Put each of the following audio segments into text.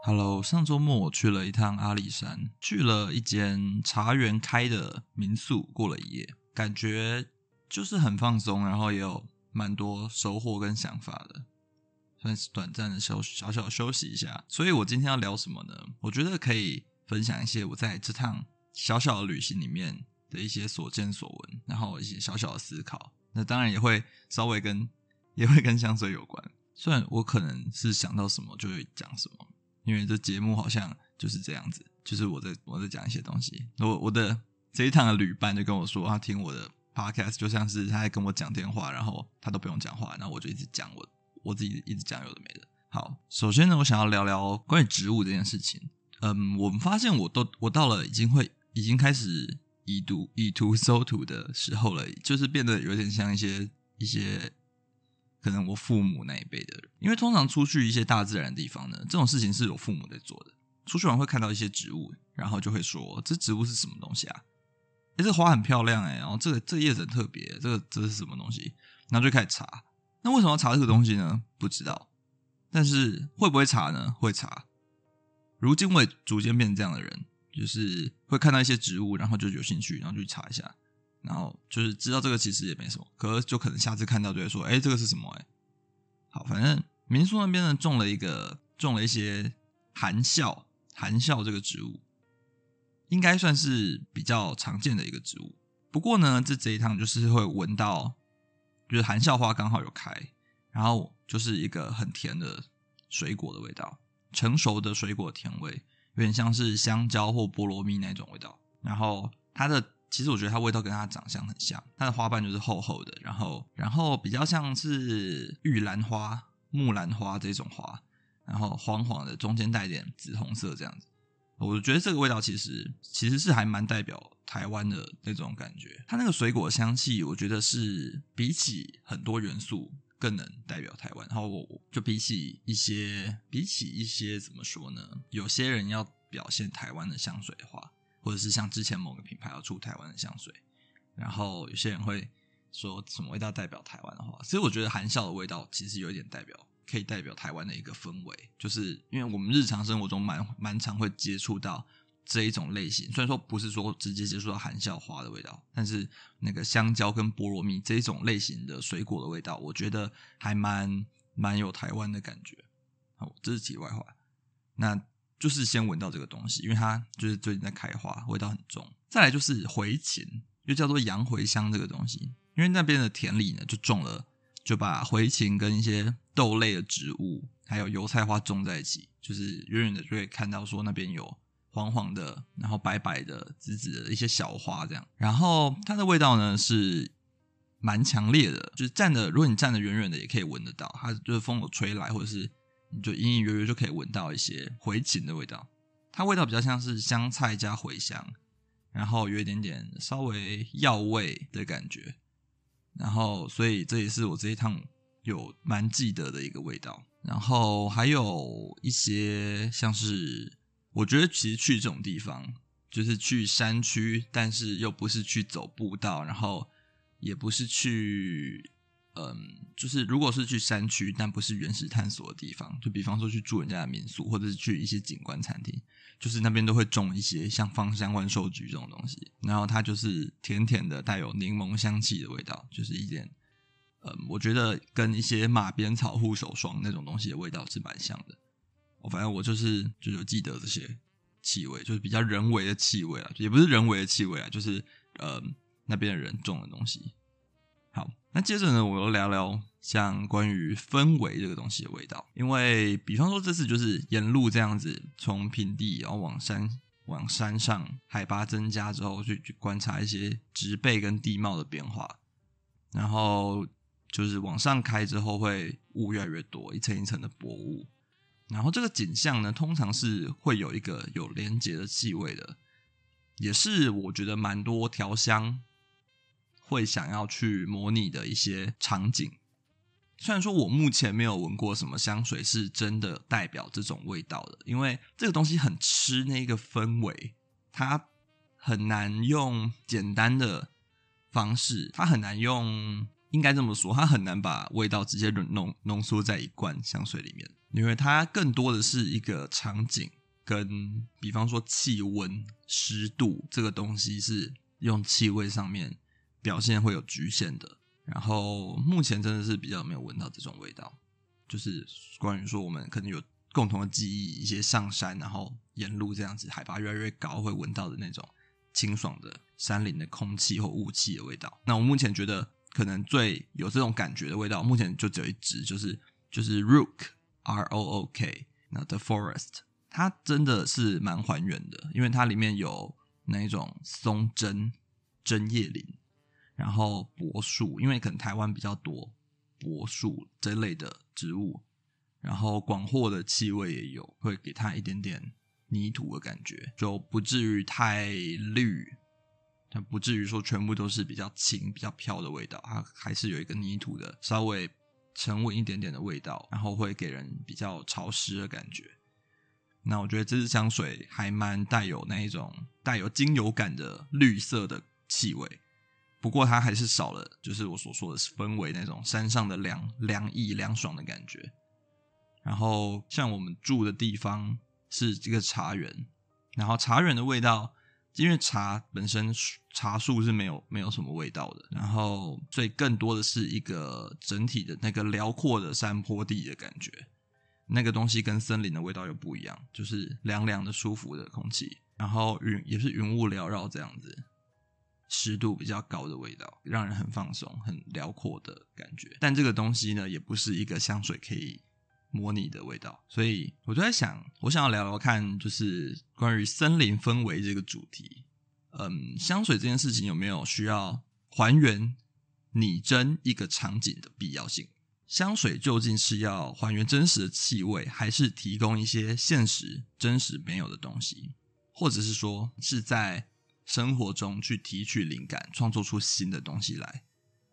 哈嘍，Hello, 上週末我去了一趟阿里山，去了一間茶園開的民宿，過了一夜，感覺就是很放鬆，然後也有蠻多收穫跟想法的，算是短暫的休小小休息一下。所以我今天要聊什麼呢？我覺得可以分享一些我在這趟小小的旅行裡面的一些所見所聞，然後一些小小的思考。那當然也會稍微跟也會跟香水有關，雖然我可能是想到什麼就會講什麼。因為這節目好像就是這樣子，就是我在我在講一些東西。我我的這一趟的旅伴就跟我說，他聽我的 podcast 就像是他在跟我講電話，然後他都不用講話，那我就一直講我我自己一直講有的沒的。好，首先呢，我想要聊聊關於植物這件事情。嗯，我們發現我都我到了已經會已經開始以讀以圖搜圖的時候了，就是變得有點像一些一些。可能我父母那一輩的人，因為通常出去一些大自然的地方呢，這種事情是有父母在做的。出去玩會看到一些植物，然後就會說，這植物是什麼東西啊？哎、欸，這個花很漂亮哎、欸，然後這個這葉子很特別，這個、這個、這是什麼東西？然後就開始查。那為什麼要查這個東西呢？不知道。但是會不會查呢？會查。如今我也逐漸變成這樣的人，就是會看到一些植物，然後就有興趣，然後就去查一下。然後就是知道這個其實也沒什麼，可就可能下次看到就會說，哎，這個是什麼？哎，好，反正民宿那邊呢，種了一個，種了一些含笑，含笑這個植物應該算是比較常見的一個植物。不過呢，這這一趟就是會聞到，就是含笑花剛好有開，然後就是一個很甜的水果的味道，成熟的水果甜味，有點像是香蕉或菠蘿蜜那種味道，然後它的。其實我覺得它味道跟它長相很像，它的花瓣就是厚厚的，然後然後比較像是玉蘭花、木蘭花這種花，然後黃黃的，中間帶點紫紅色這樣子。我覺得這個味道其實其實是還蠻代表台灣的那種感覺。它那個水果香氣，我覺得是比起很多元素更能代表台灣。然後我就比起一些，比起一些怎麼說呢？有些人要表現台灣的香水的話。或者是像之前某個品牌要出台灣的香水，然後有些人會說什麼味道代表台灣的話，所以我覺得含笑的味道其實有一點代表，可以代表台灣的一個氛圍，就是因為我們日常生活中蠻蠻常會接觸到這一種類型，雖然說不是說直接接觸到含笑花的味道，但是那個香蕉跟菠蘿蜜這一種類型的水果的味道，我覺得還蠻蠻有台灣的感覺。這是題外話。那。就是先聞到這個東西，因為它就是最近在開花，味道很重。再來就是茴芹，又叫做洋茴香這個東西，因為那邊的田裡呢就種了，就把茴芹跟一些豆類的植物還有油菜花種在一起。就是遠遠的就可以看到，說那邊有黃黃的，然後白白的、紫紫的一些小花這樣。然後它的味道呢是蠻強烈的，就是站的，如果你站的遠遠的也可以聞得到，它就是風有吹來或者是。你就隱隱約約就可以聞到一些茴芹的味道，它味道比較像是香菜加茴香，然後有一點點稍微藥味的感覺，然後所以這也是我這一趟有蠻記得的一個味道。然後還有一些像是，我覺得其實去這種地方，就是去山區，但是又不是去走步道，然後也不是去。嗯，就是如果是去山區，但不是原始探索的地方，就比方說去住人家的民宿，或者是去一些景觀餐廳，就是那邊都會種一些像芳香萬壽菊這種東西，然後它就是甜甜的，帶有檸檬香氣的味道，就是一點，嗯，我覺得跟一些馬鞭草護手霜那種東西的味道是蠻像的。我、哦、反正我就是就有記得這些氣味，就是比較人為的氣味啊，也不是人為的氣味啊，就是呃、嗯、那邊的人種的東西。那接着呢，我又聊聊像關於氛圍這個東西的味道，因為比方說這次就是沿路這樣子，從平地然後往山往山上海拔增加之後去，去去觀察一些植被跟地貌的變化，然後就是往上開之後，會霧越來越多，一層一層的薄霧，然後這個景象呢，通常是會有一個有連接的氣味的，也是我覺得蠻多調香會想要去模擬的一些場景，雖然說我目前沒有聞過什麼香水是真的代表這種味道的，因為這個東西很吃那個氛圍，它很難用簡單的方式，它很難用，應該這麼說，它很難把味道直接濃濃縮在一罐香水裡面，因為它更多的是一個場景，跟比方說氣溫、濕度這個東西是用氣味上面，表現會有侷限的，然後目前真的是比較沒有聞到這種味道，就是關於說我們可能有共同的記憶，一些上山然後沿路這樣子，海拔越來越高會聞到的那種清爽的山林的空氣或霧氣的味道。那我目前覺得可能最有這種感覺的味道，目前就只有一支，就是就是 Rook R O O K 那 The Forest，它真的是蠻還原的，因為它裡面有那一種松針針葉林。然後柏樹，因為可能台灣比較多柏樹這類的植物，然後廣藿的氣味也有，會給它一點點泥土的感覺，就不至於太綠，但不至於說全部都是比較輕、比較飄的味道，它還是有一個泥土的稍微沉穩一點點的味道，然後會給人比較潮濕的感覺。那我覺得這支香水還蠻帶有那一種帶有精油感的綠色的氣味。不過它還是少了，就是我所說的氛圍那種山上的涼涼意、涼爽的感覺。然後像我們住的地方是這個茶園，然後茶園的味道，因為茶本身茶樹是沒有沒有什麼味道的，然後最更多的是一個整體的那個遼闊的山坡地的感覺。那個東西跟森林的味道又不一樣，就是涼涼的、舒服的空氣，然後雲也是雲霧繚繞這樣子。濕度比較高的味道，讓人很放鬆、很遼闊的感覺。但這個東西呢，也不是一個香水可以模擬的味道。所以我就在想，我想要聊聊看，就是關於森林氛圍這個主題。嗯，香水這件事情有沒有需要還原擬真一個場景的必要性？香水究竟是要還原真實的氣味，還是提供一些現實真實沒有的東西？或者是說是在生活中去提取靈感，創作出新的東西來。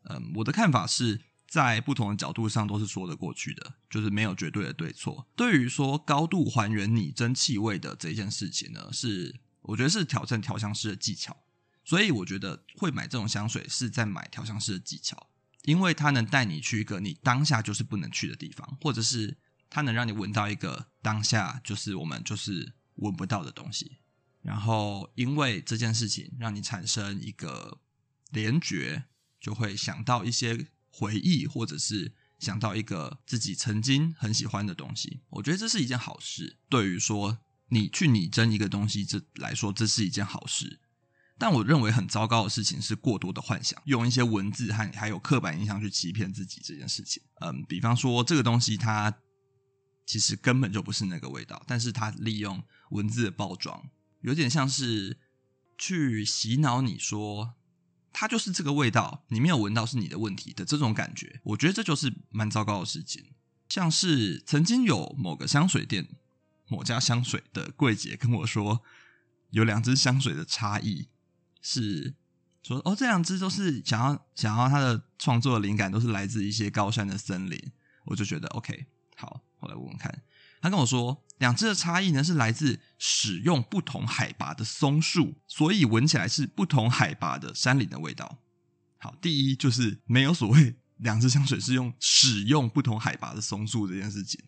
嗯，我的看法是在不同的角度上都是說得過去的，就是沒有絕對的對錯。對於說高度還原擬真氣味的這一件事情呢，是我覺得是挑戰調香師的技巧。所以我覺得會買這種香水是在買調香師的技巧，因為它能帶你去一個你當下就是不能去的地方，或者是它能讓你聞到一個當下就是我們就是聞不到的東西。然後，因為這件事情讓你產生一個聯覺，就會想到一些回憶，或者是想到一個自己曾經很喜歡的東西。我覺得這是一件好事，對於說你去擬真一個東西這來說，這是一件好事。但我認為很糟糕的事情是過多的幻想，用一些文字和還有刻板印象去欺騙自己這件事情。嗯，比方說這個東西它其實根本就不是那個味道，但是它利用文字的包裝。有點像是去洗腦你說，它就是這個味道，你沒有聞到是你的問題的這種感覺，我覺得這就是蠻糟糕的事情。像是曾經有某個香水店，某家香水的櫃姐跟我說，有兩支香水的差異，是說哦這兩支都是想要想要它的創作靈感都是來自一些高山的森林，我就覺得 OK，好，我來聞聞看。他跟我說，兩支的差異呢是來自使用不同海拔的松樹，所以聞起來是不同海拔的山林的味道。好，第一就是沒有所謂兩支香水是用使用不同海拔的松樹這件事情，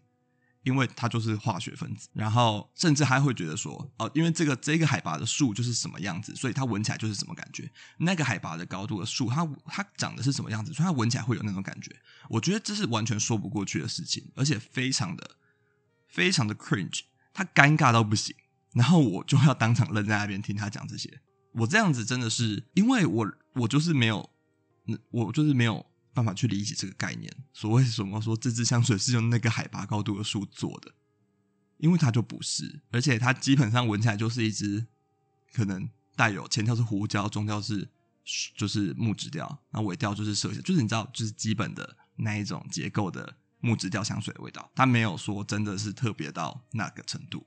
因為它就是化學分子。然後甚至還會覺得說，哦，因為這個這個海拔的樹就是什麼樣子，所以它聞起來就是什麼感覺。那個海拔的高度的樹，它它長的是什麼樣子，所以它聞起來會有那種感覺。我覺得這是完全說不過去的事情，而且非常的。非常的 cringe，他尷尬到不行，然後我就要當場愣在那邊聽他講這些，我這樣子真的是因為我，我就是沒有，我就是沒有辦法去理解這個概念，所謂什麼說這支香水是用那個海拔高度的樹做的，因為它就不是，而且它基本上聞起來就是一支可能帶有前調是胡椒，中調是就是木質調，然後尾調就是麝香，就是你知道就是基本的那一種結構的。木質調香水的味道，它沒有說真的是特別到那個程度，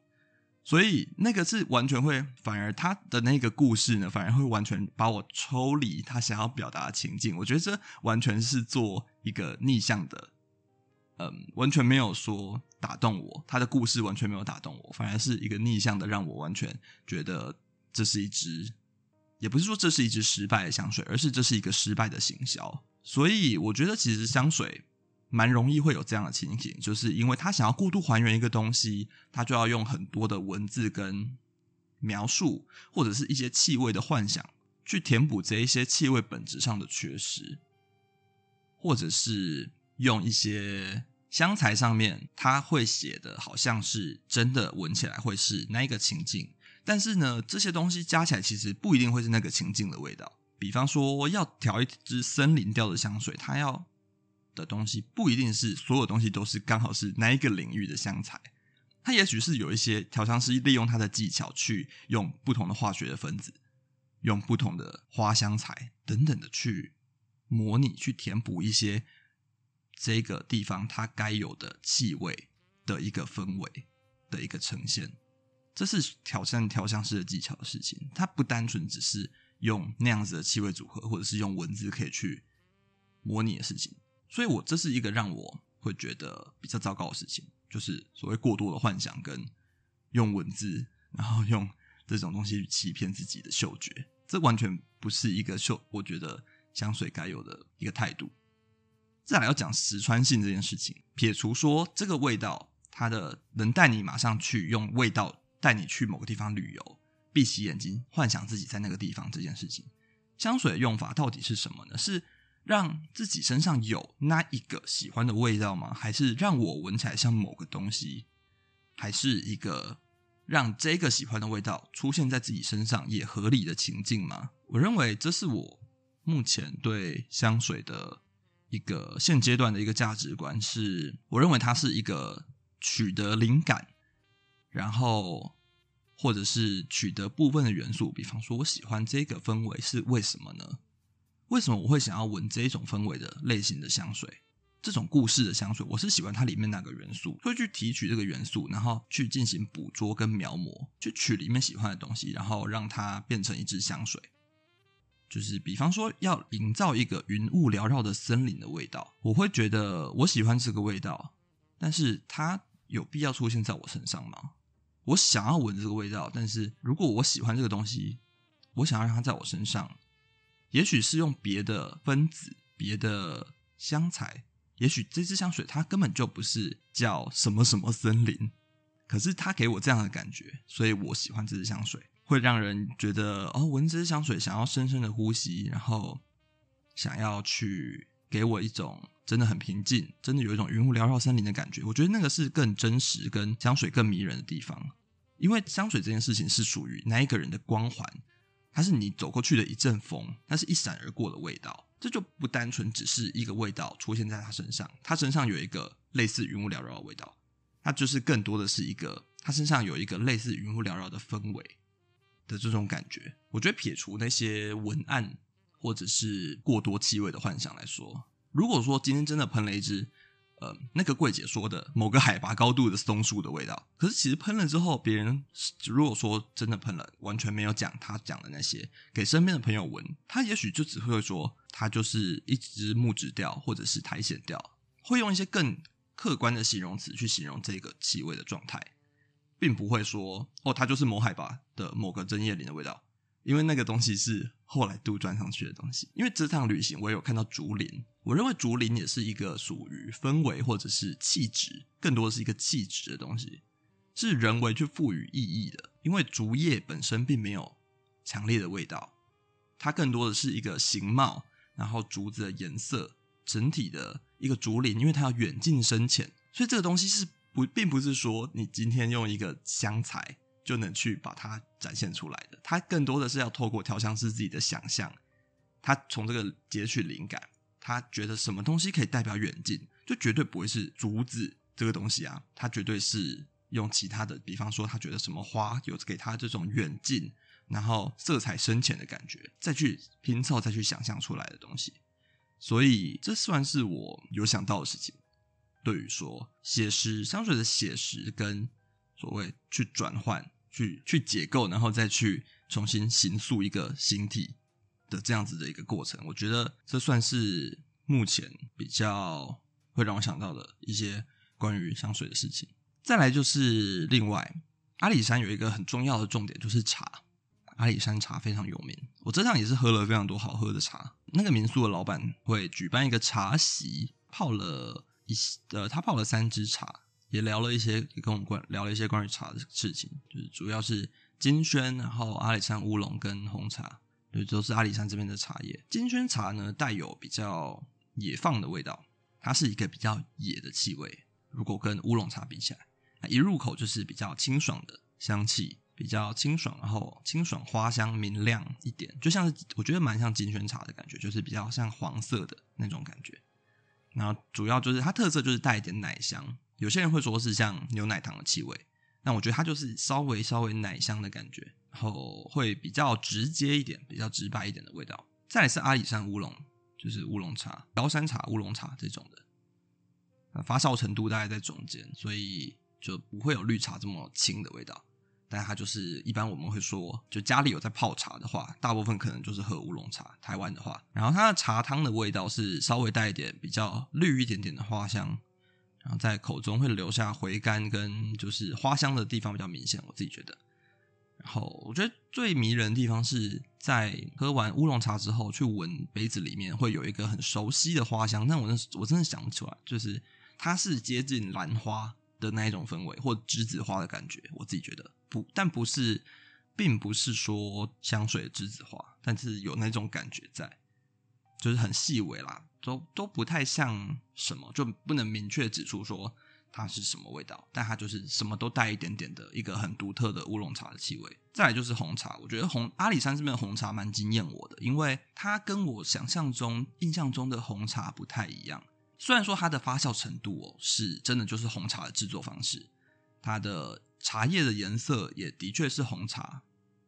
所以那個是完全會，反而他的那個故事呢，反而會完全把我抽離他想要表達的情境。我覺得這完全是做一個逆向的，嗯，完全沒有說打動我，他的故事完全沒有打動我，反而是一個逆向的，讓我完全覺得這是一支，也不是說這是一支失敗的香水，而是這是一個失敗的行銷。所以我覺得其實香水。蠻容易會有這樣的情形，就是因為他想要過度還原一個東西，他就要用很多的文字跟描述，或者是一些氣味的幻想，去填補這一些氣味本質上的缺失，或者是用一些香材上面他會寫的好像是真的聞起來會是那個情境，但是呢，這些東西加起來其實不一定會是那個情境的味道。比方說，要調一支森林調的香水，它要。的東西不一定是所有東西都是剛好是哪一個領域的香材，它也許是有一些調香師利用它的技巧去用不同的化學的分子，用不同的花香材等等的去模擬、去填補一些這個地方它該有的氣味的一個氛圍的一個呈現，這是挑戰調香師的技巧的事情。它不單純只是用那樣子的氣味組合，或者是用文字可以去模擬的事情。所以，我這是一個讓我會覺得比較糟糕的事情，就是所謂過多的幻想跟用文字，然後用這種東西去欺騙自己的嗅覺，這完全不是一個嗅，我覺得香水該有的一個態度。再來要講實穿性這件事情，撇除說這個味道，它的能帶你馬上去用味道帶你去某個地方旅遊，閉起眼睛幻想自己在那個地方這件事情，香水的用法到底是什麼呢？是。讓自己身上有那一個喜歡的味道嗎？還是讓我聞起來像某個東西？還是一個讓這個喜歡的味道出現在自己身上也合理的情境嗎？我認為這是我目前對香水的一個現階段的一個價值觀是，我認為它是一個取得靈感，然後或者是取得部分的元素。比方說，我喜歡這個氛圍，是為什麼呢？為什麼我會想要聞這一種氛圍的類型的香水？這種故事的香水，我是喜歡它裡面那個元素，會去提取這個元素，然後去進行捕捉跟描摹，去取裡面喜歡的東西，然後讓它變成一支香水。就是比方說，要營造一個雲霧繚繞的森林的味道，我會覺得我喜歡這個味道，但是它有必要出現在我身上嗎？我想要聞這個味道，但是如果我喜歡這個東西，我想要讓它在我身上。也許是用別的分子、別的香材，也許這支香水它根本就不是叫什麼什麼森林，可是它給我這樣的感覺，所以我喜歡這支香水，會讓人覺得哦，聞這支香水想要深深的呼吸，然後想要去給我一種真的很平靜，真的有一種雲霧繚繞森林的感覺。我覺得那個是更真實、跟香水更迷人的地方，因為香水這件事情是屬於那一個人的光環。它是你走過去的一陣風，它是一閃而過的味道，這就不單純只是一個味道出現在他身上，他身上有一個類似雲霧繚繞的味道，它就是更多的是一個，他身上有一個類似雲霧繚繞的氛圍的這種感覺。我覺得撇除那些文案或者是過多氣味的幻想來說，如果說今天真的噴了一支。呃，那個櫃姐說的某個海拔高度的松樹的味道，可是其實噴了之後，別人如果說真的噴了，完全沒有講他講的那些，給身邊的朋友聞，他也許就只會說，他就是一支木質調或者是苔蘚調，會用一些更客觀的形容詞去形容這個氣味的狀態，並不會說，哦，它就是某海拔的某個針葉林的味道。因為那個東西是後來杜撰上去的東西。因為這趟旅行我也有看到竹林，我認為竹林也是一個屬於氛圍或者是氣質，更多的是一個氣質的東西，是人為去賦予意義的。因為竹葉本身並沒有強烈的味道，它更多的是一個形貌，然後竹子的顏色，整體的一個竹林，因為它要遠近深淺，所以這個東西是不，並不是說你今天用一個香材。就能去把它展現出來的。他更多的是要透過調香師自己的想象，他從這個截取靈感，他覺得什麼東西可以代表遠近，就絕對不會是竹子這個東西啊。他絕對是用其他的，比方說他覺得什麼花有給他這種遠近，然後色彩深淺的感覺，再去拼湊，再去想象出來的東西。所以這算是我有想到的事情。對於說寫實香水的寫實跟所謂去轉換、去去解構，然後再去重新形塑一個形體的這樣子的一個過程，我覺得這算是目前比較會讓我想到的一些關於香水的事情。再來就是另外，阿里山有一個很重要的重點就是茶，阿里山茶非常有名。我這趟也是喝了非常多好喝的茶。那個民宿的老板會舉辦一個茶席，泡了一，呃，他泡了三支茶。也聊了一些也跟我們關聊了一些關於茶的事情，就是主要是金萱，然後阿里山烏龍跟紅茶，對，都是阿里山這邊的茶葉。金萱茶呢，帶有比較野放的味道，它是一個比較野的氣味。如果跟烏龍茶比起來，一入口就是比較清爽的香氣，比較清爽，然後清爽花香明亮一點，就像是我覺得蠻像金萱茶的感覺，就是比較像黃色的那種感覺。然後主要就是它特色就是帶一點奶香。有些人會說是像牛奶糖的氣味，但我覺得它就是稍微稍微奶香的感覺，然後會比較直接一點，比較直白一點的味道。再來是阿里山烏龍，就是烏龍茶、高山茶、烏龍茶這種的，發酵程度大概在中間，所以就不會有綠茶這麼清的味道。但它就是一般我們會說，就家裡有在泡茶的話，大部分可能就是喝烏龍茶。台灣的話，然後它的茶湯的味道是稍微帶一點比較綠一點點的花香。然後在口中會留下回甘，跟就是花香的地方比較明顯，我自己覺得。然後我覺得最迷人的地方是在喝完烏龍茶之後，去聞杯子裡面會有一個很熟悉的花香，但我那我真的想不起來，就是它是接近蘭花的那一種氛圍，或梔子花的感覺，我自己覺得不，但不是，並不是說香水的梔子花，但是有那種感覺在。就是很細微啦，都都不太像什麼，就不能明確指出說它是什麼味道。但它就是什麼都帶一點點的一個很獨特的烏龍茶的氣味。再來就是紅茶，我覺得紅阿里山這邊的紅茶蠻驚豔我的，因為它跟我想象中、印象中的紅茶不太一樣。雖然說它的發酵程度哦，是真的就是紅茶的製作方式，它的茶葉的顏色也的確是紅茶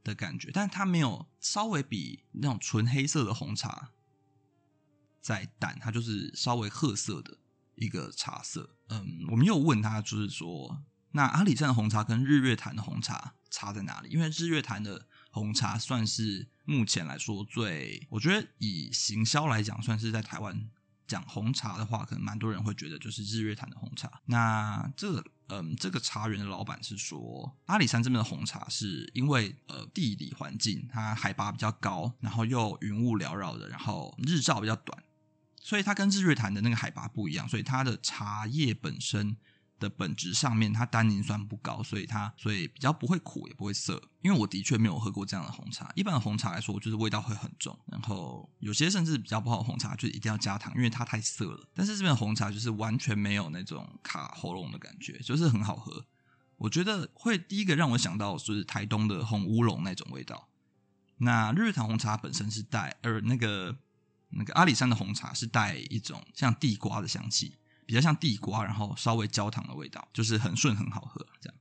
的感覺，但它沒有稍微比那種純黑色的紅茶，在淡，它就是稍微褐色的一個茶色。嗯，我們又問他，就是說，那阿里山的紅茶跟日月潭的紅茶差在哪裡？因為日月潭的紅茶算是目前來說最，我覺得以行銷來講，算是在台灣講紅茶的話，可能蠻多人會覺得就是日月潭的紅茶。那這個，嗯，這個茶園的老板是說，阿里山這邊的紅茶是因為呃地理環境，它海拔比較高，然後又雲霧繚繞的，然後日照比較短。所以它跟日月潭的那個海拔不一樣，所以它的茶葉本身的本質上面，它單寧酸不高，所以它所以比較不會苦也不會澀。因為我的確沒有喝過這樣的紅茶，一般的紅茶來說，我就是味道會很重，然後有些甚至比較不好的紅茶就一定要加糖，因為它太澀了。但是這邊的紅茶就是完全沒有那種卡喉嚨的感覺，就是很好喝。我覺得會第一個讓我想到就是台東的紅烏龍那種味道。那日月潭紅茶本身是帶，而那個。那個阿里山的紅茶是帶一種像地瓜的香氣，比較像地瓜，然後稍微焦糖的味道，就是很順很好喝。這樣。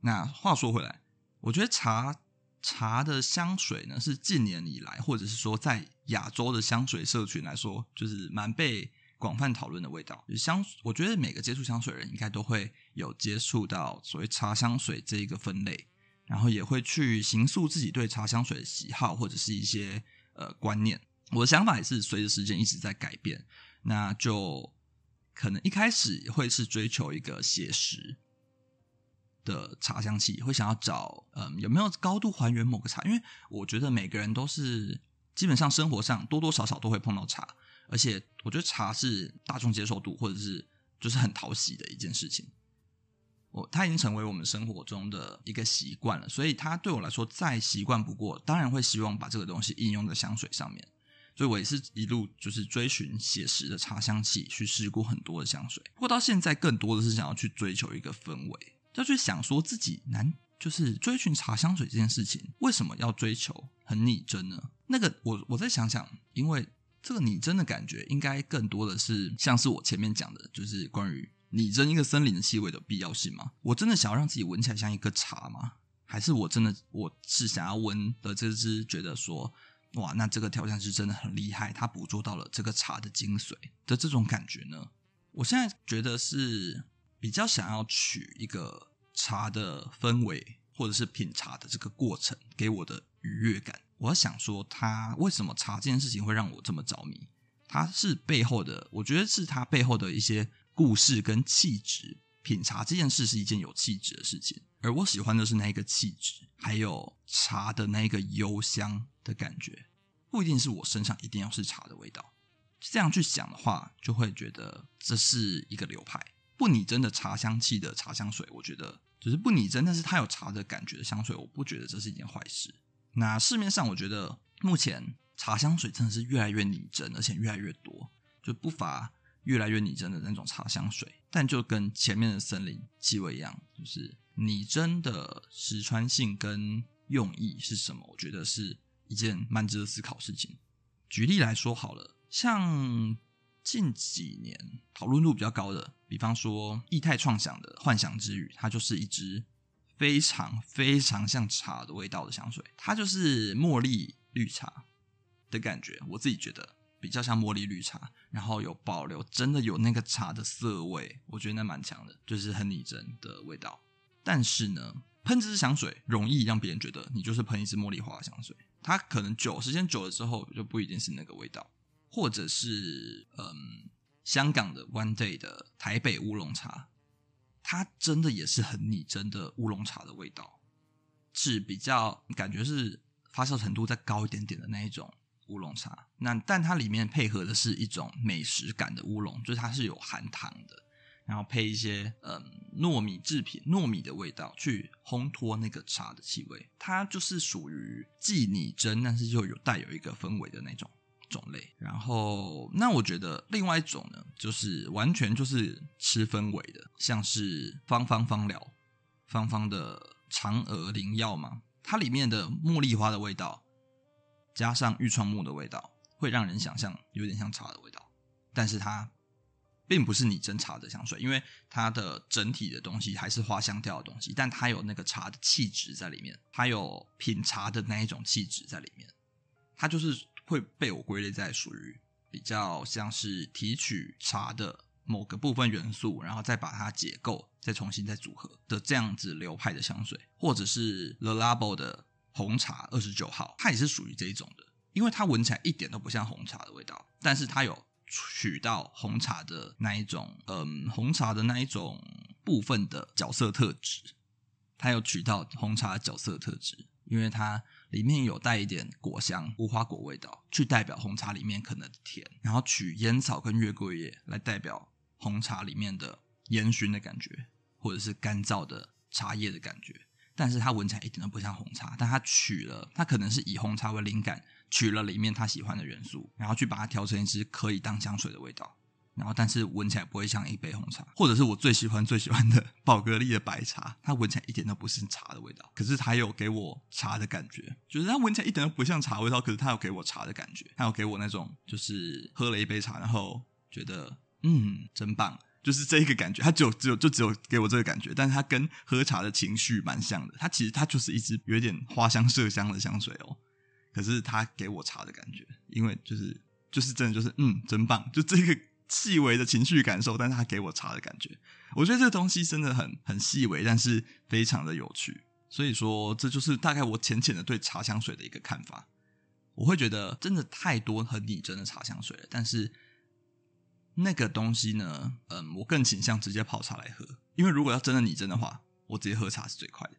那話說回來，我覺得茶茶的香水呢，是近年以來或者是說在亞洲的香水社群來說，就是蠻被廣泛討論的味道。就是香，我覺得每個接觸香水的人應該都會有接觸到所謂茶香水這一個分類，然後也會去形塑自己對茶香水的喜好或者是一些呃觀念。我的想法也是隨着時間一直在改變，那就可能一開始會是追求一個寫實的茶香氣，會想要找嗯有沒有高度還原某個茶？因為我覺得每個人都是基本上生活上多多少少都會碰到茶，而且我覺得茶是大眾接受度或者是就是很討喜的一件事情。我它已經成為我們生活中的一個習慣了，所以它對我來說再習慣不過，當然會希望把這個東西應用在香水上面。所以我也是一路就是追尋寫實的茶香氣，去試過很多的香水，不過到現在更多的是想要去追求一個氛圍，就去想說自己難，就是追尋茶香水這件事情為什麼要追求很擬真呢？那個我我再想想，因為這個擬真的感覺應該更多的是像是我前面講的，就是關於擬真一個森林的氣味的必要性嗎？我真的想要讓自己聞起來像一個茶嗎？還是我真的我是想要聞的這支覺得說？哇，那這個調香師真的很厲害，他捕捉到了這個茶的精髓的這種感覺呢。我現在覺得是比較想要取一個茶的氛圍，或者是品茶的這個過程給我的愉悅感。我想說，它為什麼茶這件事情會讓我這麼着迷？它是背後的，我覺得是它背後的一些故事跟氣質。品茶這件事是一件有氣質的事情，而我喜歡的是那個氣質，還有茶的那個幽香的感覺。不一定是我身上一定要是茶的味道，這樣去想的話，就會覺得這是一個流派。不擬真的茶香氣的茶香水，我覺得只是不擬真，但是它有茶的感覺的香水，我不覺得這是一件壞事。那市面上，我覺得目前茶香水真的是越來越擬真，而且越來越多，就不乏。越來越擬真的那種茶香水，但就跟前面的森林氣味一樣，就是擬真的實穿性跟用意是什麼？我覺得是一件蠻值得思考事情。舉例來說好了，像近幾年討論度比較高的，比方說液態創想的幻想之語，它就是一支非常非常像茶的味道的香水，它就是茉莉綠茶的感覺，我自己覺得。比較像茉莉綠茶，然後有保留真的有那個茶的色味，我覺得那蠻強的，就是很擬真的味道。但是呢，噴這支香水容易讓別人覺得你就是噴一支茉莉花香水，它可能久時間久了之後就不一定是那個味道，或者是嗯，香港的 One Day 的台北烏龍茶，它真的也是很擬真的烏龍茶的味道，是比較感覺是發酵程度再高一點點的那一種。烏龍茶，那但它裡面配合的是一種美食感的烏龍，就是它是有含糖的，然後配一些嗯糯米製品、糯米的味道去烘托那個茶的氣味，它就是屬於既擬真，但是又有帶有一個氛圍的那種種類。然後，那我覺得另外一種呢，就是完全就是吃氛圍的，像是方方芳芳芳療、方方的嫦娥靈藥嘛，它裡面的茉莉花的味道。加上癒創木的味道，會讓人想象有點像茶的味道，但是它並不是你真茶的香水，因為它的整體的東西還是花香調的東西，但它有那個茶的氣質在裡面，它有品茶的那一種氣質在裡面，它就是會被我歸類在屬於比較像是提取茶的某個部分元素，然後再把它解構，再重新再組合的這樣子流派的香水，或者是 Le Labo 的。紅茶二十九號，它也是屬於這一種的，因為它聞起來一點都不像紅茶的味道，但是它有取到紅茶的那一種，嗯，紅茶的那一種部分的角色特質，它有取到紅茶的角色的特質，因為它裡面有帶一點果香，無花果味道去代表紅茶裡面可能甜，然後取煙草跟月桂葉來代表紅茶裡面的煙熏的感覺，或者是乾燥的茶葉的感覺。但是它聞起來一點都不像紅茶，但它取了，它可能是以紅茶為靈感，取了裡面他喜歡的元素，然後去把它調成一支可以當香水的味道。然後，但是聞起來不會像一杯紅茶，或者是我最喜歡最喜歡的寶格麗的白茶，它聞起來一點都不是茶的味道，可是它有給我茶的感覺，就是它聞起來一點都不像茶味道，可是它有給我茶的感覺，它有給我那種就是喝了一杯茶，然後覺得嗯，真棒。就是這個感覺，它只有只有就只有給我這個感覺，但是它跟喝茶的情緒蠻像的。它其實它就是一支有點花香麝香的香水哦，可是它給我茶的感覺，因為就是就是真的就是嗯，真棒！就這個細微的情緒感受，但是它給我茶的感覺，我覺得這個東西真的很很細微，但是非常的有趣。所以說，這就是大概我淺淺的對茶香水的一個看法。我會覺得真的太多很擬真的茶香水了，但是。那個東西呢，嗯，我更傾向直接泡茶來喝，因為如果要真的擬真的話，我直接喝茶是最快的。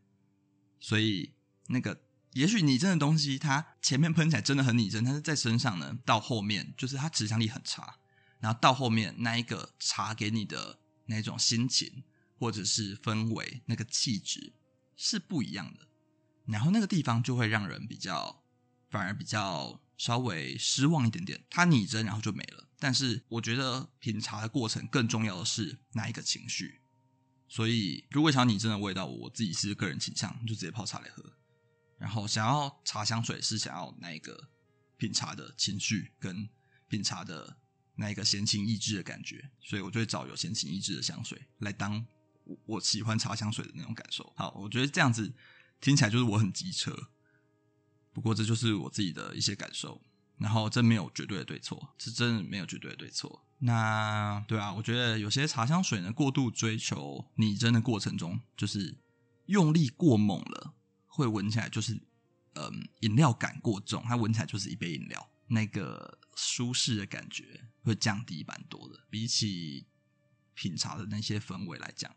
所以那個，也許擬真的東西，它前面噴起來真的很擬真，但是在身上呢，到後面就是它持香力很差，然後到後面那一個茶給你的那種心情或者是氛圍，那個氣質是不一樣的，然後那個地方就會讓人比較，反而比較。稍微失望一點點，它擬真，然後就沒了。但是我覺得品茶的過程更重要的是那一個情緒。所以，如果想要擬真的味道，我自己是個人傾向，就直接泡茶來喝。然後，想要茶香水是想要那一個品茶的情緒跟品茶的那一個閒情逸致的感覺。所以我就會找有閒情逸致的香水來當我，我喜歡茶香水的那種感受。好，我覺得這樣子聽起來就是我很機車。不過這就是我自己的一些感受，然後這沒有絕對的對錯，這真的沒有絕對的對錯。那對啊，我覺得有些茶香水呢，過度追求擬真的過程中，就是用力過猛了，會聞起來就是嗯飲料感過重，它聞起來就是一杯飲料，那個舒適的感覺會降低蠻多的。比起品茶的那些氛圍來講，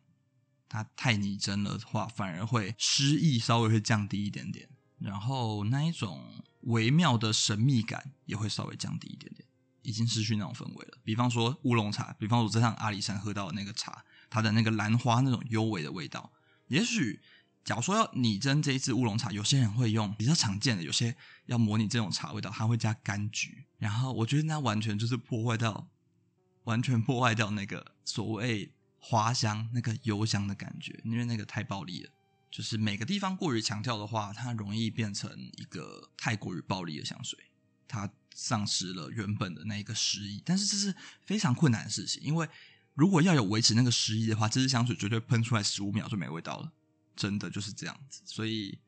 它太擬真了的話，反而會詩意稍微會降低一點點。然後那一種微妙的神秘感也會稍微降低一點點，已經失去那種氛圍了。比方說烏龍茶，比方說我這趟阿里山喝到的那個茶，它的那個蘭花那種幽微的味道。也許假如說要擬真這一次烏龍茶，有些人會用比較常見的，有些要模擬這種茶味道，它會加柑橘。然後我覺得那完全就是破壞到，完全破壞掉那個所謂花香那個幽香的感覺，因為那個太暴力了。就是每個地方過於強調的話，它容易變成一個太過於暴力的香水，它喪失了原本的那一個詩意。但是這是非常困難的事情，因為如果要有維持那個詩意的話，這支香水絕對噴出來十五秒就沒味道了，真的就是這樣子。所以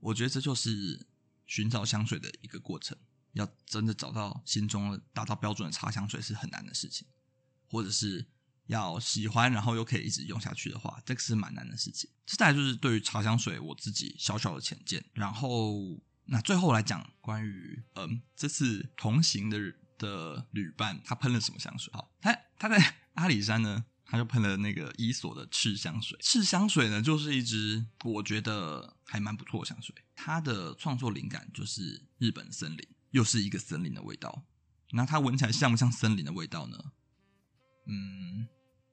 我覺得這就是尋找香水的一個過程，要真的找到心中的達到標準的茶香水是很難的事情，或者是。要喜歡，然後又可以一直用下去的話，這個是蠻難的事情。再來就是對於茶香水，我自己小小的淺見。然後，那最後來講，關於嗯，這次同行的的旅伴，他噴了什麼香水？好，他他在阿里山呢，他就噴了那個伊索的熾香水。熾香水呢，就是一支我覺得還蠻不錯的香水。他的創作靈感就是日本森林，又是一個森林的味道。那他聞起來像不像森林的味道呢？嗯。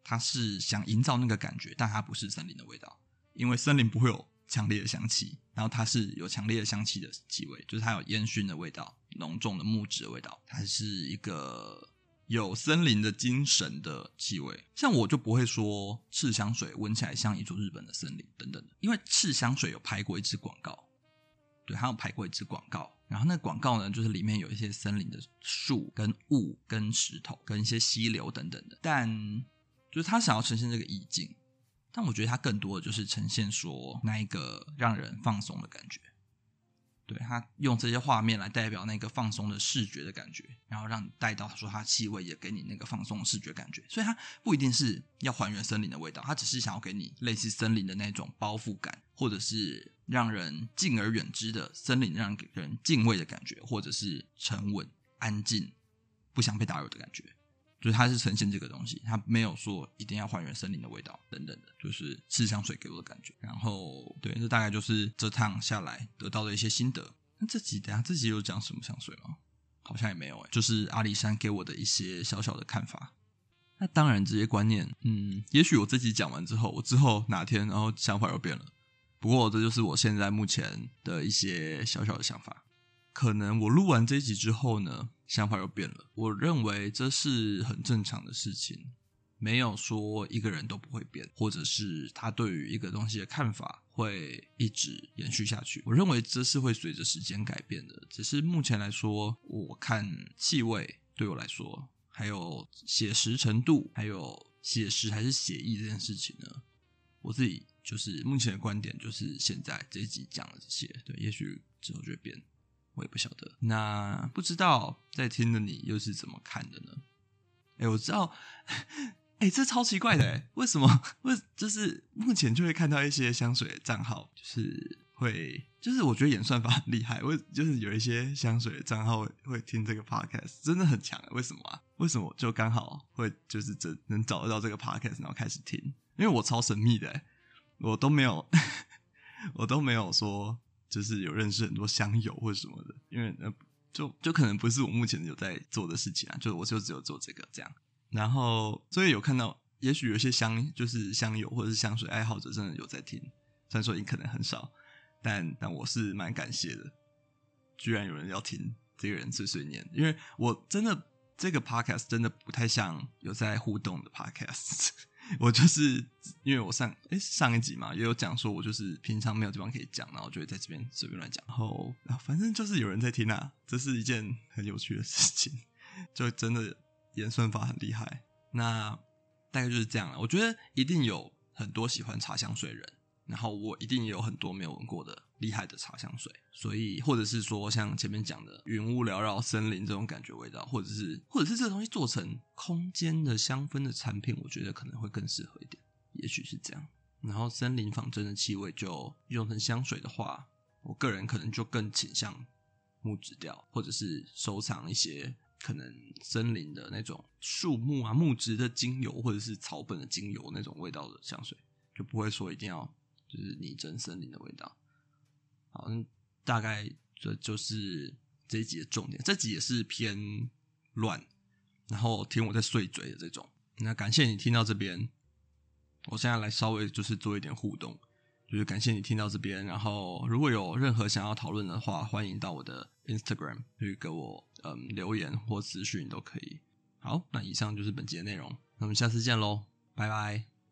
它是想營造那個感覺，但它不是森林的味道，因為森林不會有強烈的香氣。然後它是有強烈的香氣的氣味，就是它有煙燻的味道、濃重的木質的味道，它是一個有森林的精神的氣味。像我就不會說赤香水聞起來像一座日本的森林等等，因為赤香水有拍過一支廣告，對，它有拍過一支廣告。然後那個廣告呢，就是裡面有一些森林的樹、跟霧、跟石頭、跟一些溪流等等的，但。就是他想要呈現這個意境，但我覺得他更多的就是呈現說那一個讓人放鬆的感覺。對，他用這些畫面來代表那個放鬆的視覺的感覺，然後讓你帶到他說他氣味也給你那個放鬆的視覺感覺。所以他不一定是要還原森林的味道，他只是想要給你類似森林的那種包覆感，或者是讓人敬而遠之的森林讓人敬畏的感覺，或者是沉穩、安靜、不想被打擾的感覺。所以它是呈現這個東西，它沒有說一定要還原森林的味道等等的，就是是香水給我的感覺。然後，對，這大概就是這趟下來得到的一些心得。那這集等下這集有講什麼香水嗎？好像也沒有哎，就是阿里山給我的一些小小的看法。那當然，這些觀念，嗯，也許我這集講完之後，我之後哪天然後想法又變了。不過這就是我現在目前的一些小小的想法。可能我錄完這一集之後呢，想法又變了。我認為這是很正常的事情，沒有說一個人都不會變，或者是他對於一個東西的看法會一直延續下去。我認為這是會隨着時間改變的，只是目前來說，我看氣味對我來說，還有寫實程度，還有寫實還是寫意這件事情呢，我自己就是目前的觀點就是現在這一集講了這些，對，也許之後就會變。我也不曉得，那不知道在聽的你又是怎麼看的呢？哎、欸，我知道，哎、欸，這超奇怪的、欸，哎，為什麼？為就是目前就會看到一些香水賬號，就是會，就是我覺得演算法很厲害，為就是有一些香水的賬號會聽這個 podcast，真的很強、欸，為什麼啊？為什麼就剛好會就是這能找得到這個 podcast，然後開始聽？因為我超神秘的、欸，我都沒有， 我都沒有說。就是有認識很多香友或者什麼的，因為就就可能不是我目前有在做的事情啊，就我就只有做這個這樣。然後所以有看到，也許有些香就是香友或者是香水愛好者真的有在聽，雖然說你可能很少，但但我是蠻感謝的，居然有人要聽這個人碎碎念，因為我真的這個 podcast 真的不太像有在互動的 podcast。我就是因為我上哎上一集嘛，也有講說我就是平常沒有地方可以講，然後我就會在這邊隨便亂講，然後反正就是有人在聽啊，這是一件很有趣的事情，就真的演算法很厲害，那大概就是這樣了。我覺得一定有很多喜歡茶香水的人。然後我一定也有很多沒有聞過的厲害的茶香水，所以或者是說像前面講的雲霧繚繞森林這種感覺味道，或者是或者是這個東西做成空間的香氛的產品，我覺得可能會更適合一點，也許是這樣。然後森林仿真的氣味就用成香水的話，我個人可能就更傾向木質調，或者是收藏一些可能森林的那種樹木啊、木質的精油或者是草本的精油那種味道的香水，就不會說一定要。就是擬真森林的味道，好，那大概這就是這一集的重點。這集也是偏亂，然後聽我在碎嘴的這種。那感謝你聽到這邊，我現在來稍微就是做一點互動，就是感謝你聽到這邊。然後如果有任何想要討論的話，歡迎到我的 Instagram 去給我嗯留言或私訊都可以。好，那以上就是本集的內容，那我們下次見嘍，拜拜。